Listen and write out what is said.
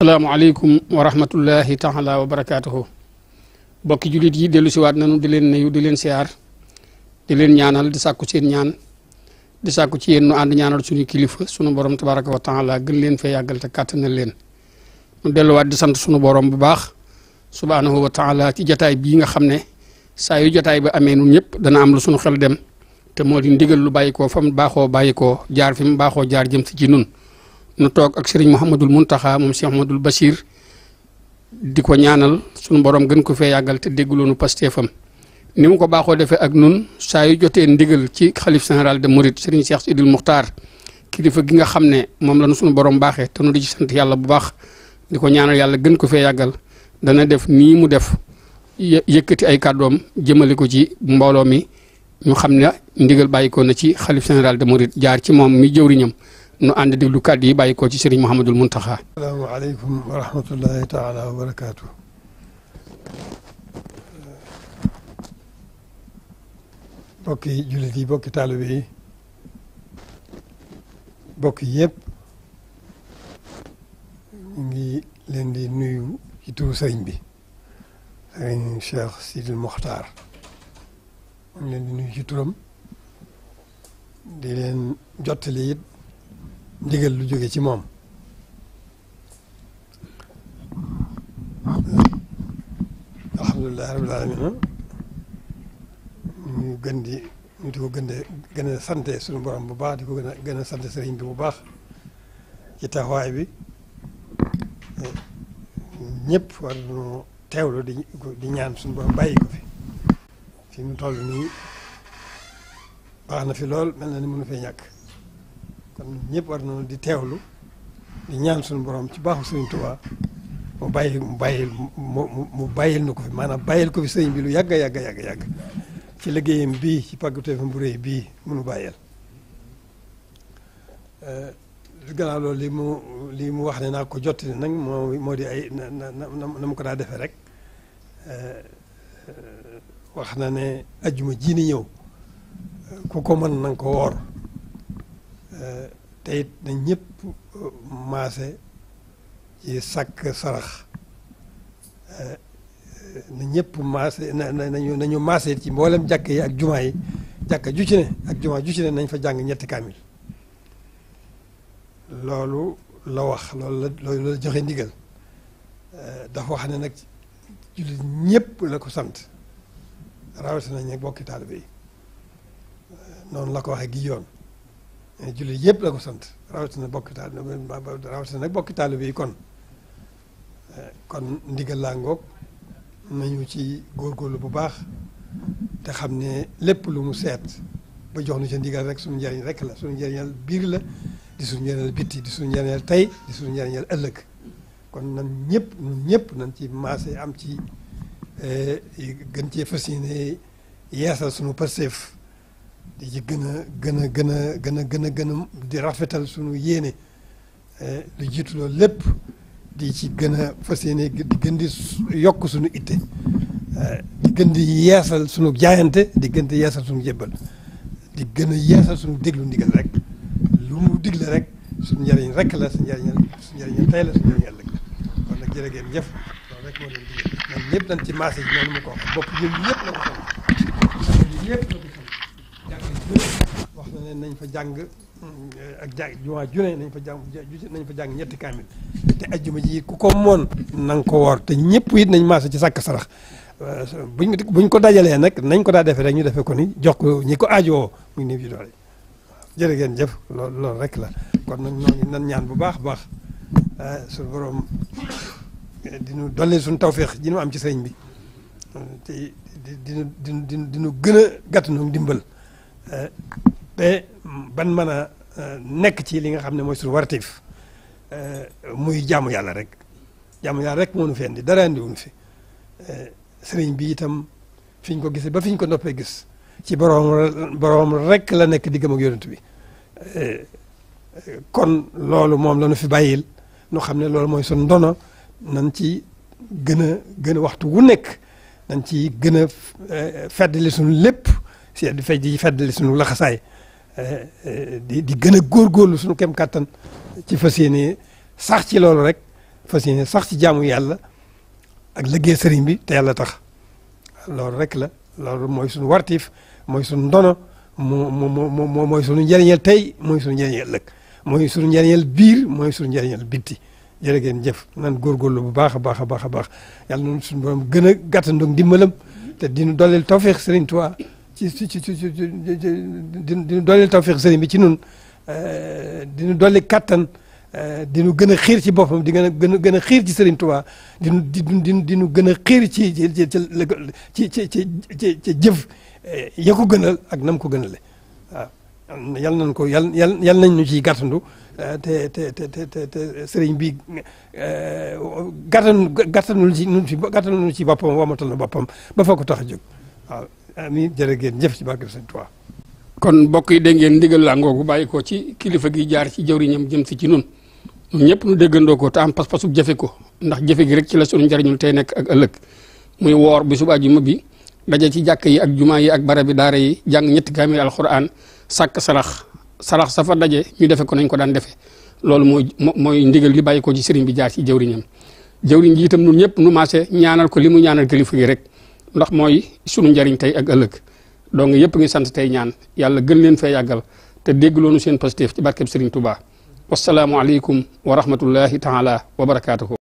asalaamaaleykum wa rahmatullahi taala wa barakatuh bokki julit yi ci wat nañu di len neyu di len siar di len ñaanal di sakku ci ñaan di sakku ci yeen nu and ñaanal suñu kilifa suñu borom tabarak wa taala gën fe yagal ta te len mu delu wat di sant suñu borom bu baax subhanahu wa taala ci jotaay bi nga xamne sa yu jotaay bu amé ñun ñep dana am lu suñu xel dem te mo di ndigal lu bayiko fam baaxo bayiko jaar fim baaxo jaar jëm ci ci nun nu toog ak sëriñ Mouhamadul Muntaxa moom Cheikh Mouhamadul Bachir di ko ñaanal sunu borom gën ko fee yàggal te dégguloonu pasteefam ni mu ko baaxoo defee ak nun saa yu jotee ndigal ci xalif général de Mouride sëriñ Cheikh Sidil Muxtaar kilifa gi nga xam ne moom la nu sunu borom baaxee te nu di ci sant yàlla bu baax di ko ñaanal yàlla gën ko fee yàggal dana def nii mu def yëkkati ay kàddoom jëmale ko ci mbooloo mi ñu xam ne ndigal bàyyi ko na ci xalif de Mouride jaar ci moom mi jëwriñam نعند دلوكا دي باي كوتي سري محمد المنتخى السلام عليكم ورحمة الله تعالى وبركاته بوكي جلدي بوكي تالوي بوكي يب نجي لندي نيو كتو سينبي سين شيخ سيد المختار لندي نيو كتو دي لين جوتلي ndigal lu jóge ci moom alhamdulilahi rabbil alamin ñu gën di ñu di ko gën de gën a sante suñu borom bu baax di ko gën a gën a sante sëriñ bi bu baax ci taxawaay bi ñëpp war nañoo teewlu di di ñaan suñu borom bàyyi ko fi fi mu toll nii baax na fi lool mel na ni mënu fee ñàkk kon ñëpp war nañu di teewlu di ñaan suñu borom ci baaxu Sëriñ Tuubaa mu bàyyi mu bàyyil mu mu bàyyil nu ko fi maanaam bàyyil ko fi sëriñ bi lu yàgg yàgg yàgg yàgg ci liggéeyam bii ci pàggateefam bu réy bii munu bàyyil gannaaw loolu mu li mu wax ne naa ko jottali nag moo di ay na na na mu ko daa defee rek wax na ne ajjuma jiini ñëw ku ko mën na ko woor Euh, te it na ñëpp euh, maase ci sàkk sarax euh, na ñëpp maase na nañu nañu maase ci mboolem jàkk yi ak jumaa yi jàkka ju ci ne ak jumaa ju ci nañ fa jàng ñetti kaamil loolu la wax loolu la loolu la joxe ndigal dafa wax ne nag jullit ñëpp la ko sant rawatina nañ nag bokki taalibe yi noonu la ko waxee gi yoon Eh, jullit yëpp la ko sant rawatina bokki taalibe rawatina nag bokki taalibe yi kon eh, kon ndigal laa ngoog nañu ci góorgóorlu bu baax te xam ne lépp lu mu seet ba jox nu ca ndigal rek suñu njëriñ rek la suñu njëriñal biir la di suñu njëriñal bitti di suñu njëriñal tey di suñu njëriñal ëllëg kon nan ñëpp nun ñëpp nañ ci maase am ci eh, gën cee fas yéene yeesal suñu pasteef di ci gën a gën a gën a gën a gën a gën a di rafetal sunu yéene eh, lu jiitu loolu lépp di ci gën a fas yéene di gën di yokk sunu itte eh, di gën di yeesal sunu jaayante di gën di yeesal sunu di gën a yeesal sunu déglu ndigal rek lu mu digle rek sunu njëriñ rek la sunu njëriñ sunu njëriñ tey la sunu njëriñ ëllëg la kon nag jërë ngeen jëf loolu rek ñëpp dañ ci maase yi noonu mu ko wax bopp ñun ñëpp la ko xam ñëpp ne nañ fa jàng eh, ak ja jumaa june nañ fa jàng nañ fa jàng ñetti kaamil te ajjuma ji ku ko moon na ko wor te ñëpp it nañ maase ci sàkk sarax eh, buñ buñ ko dajalee nag nañ ko daa defee rek ñu defee ko ni jox ko ñi ko aajowoo muy néew ji doole jërë ngeen jëf lool loolu rek la kon nag ñoo nan ñaan bu baax baax eh, suñu borom dinu dolli suñu tawféex ji nu am ci sëriñ bi te dinu dinu dinu gën a gàtt dimbal te ban mën a euh, nekk ci li nga xam ne mooy suñu wartiif euh, muy jaamu yàlla rek jaamu yàlla rek moo nu fi indi dara indiwuñu fi euh, sëriñ bi itam fi ñu ko gisee ba fi ñu ko noppee gis ci boroom boroom rek la nekk diggam ak yonent bi kon loolu moom la nu fi bàyyil nu xam ne loolu mooy suñu ndono nan ci gën a gën a waxtu wu nekk nañ ci gën a feddali suñu lépp si di fej di feddali suñu laxasaay di di gën a góorgóorlu suñu kem kàttan ci fas yéene sax ci loolu rek fas yéene sax ci jaamu yàlla ak liggéey sëriñ bi te yàlla tax loolu rek la loolu mooy sunu wartiif mooy sunu ndono moo moo moo mooy suñu njëriñal tey mooy suñu njëriñal ëllëg mooy suñu njëriñal biir mooy suñu njëriñal bitti jërë ngeen jëf nan góorgóorlu bu baax a baax a baax a baax yàlla noonu suñu borom gën a gàttandoog ndimbalam te dinu dooleel tawfeex sëriñ Tuubaa ci ci ci ci di dooleel tawfeex sëriñ bi ci nun diñu dolli kattan dinu gën a xiir ci boppam di gën a gën a gën a xiir ci sëriñ Tuubaa diñu di di diñu gën a xiir ci ci ci ci ci ci jëf ya ko gënal ak nam ko gënale waaw yal nañ ko yal yal yal nañ ñu ciy gàttandu te te te te te sëriñ bi gàttan gàttanul ci nun ci gàttanul ci boppam wamatal na boppam ba fa ko tax a jóg amiin jërë ngeen jëf ci barke Sëñ Tuubaa kon bokk yi dégg ngeen ndigal la ngoogu bàyyi ko ci kilifa gi jaar ci jawriñam jëm si ci nun ñëpp nu déggandoo ko te am ko ndax jëfe gi rek ci la sunu njariñul tey nekk ak ëllëg muy woor bi suba àjjuma bi daje ci jàkk yi ak jumaa yi ak barabi daara yi jàng ñetti kaamil alxuraan sàkk sarax sarax safa daje ñu defe nañ ko daan defe loolu mooy mooy ndigal li bàyyi ko ci sëriñ bi jaar ci jawriñam jawriñ ji itam nun ñëpp nu maase ñaanal ko li mu ñaanal kilifa gi rek ndax mooy sunu njariñ tey ak ëllëg donc yëpp ngi sant tey ñaan yàlla gën leen fee yàggal te déggloonu seen positif ci barkeb Serigne Touba wasalaamualeykum wa rahmatullahi taala wa barakaatuhu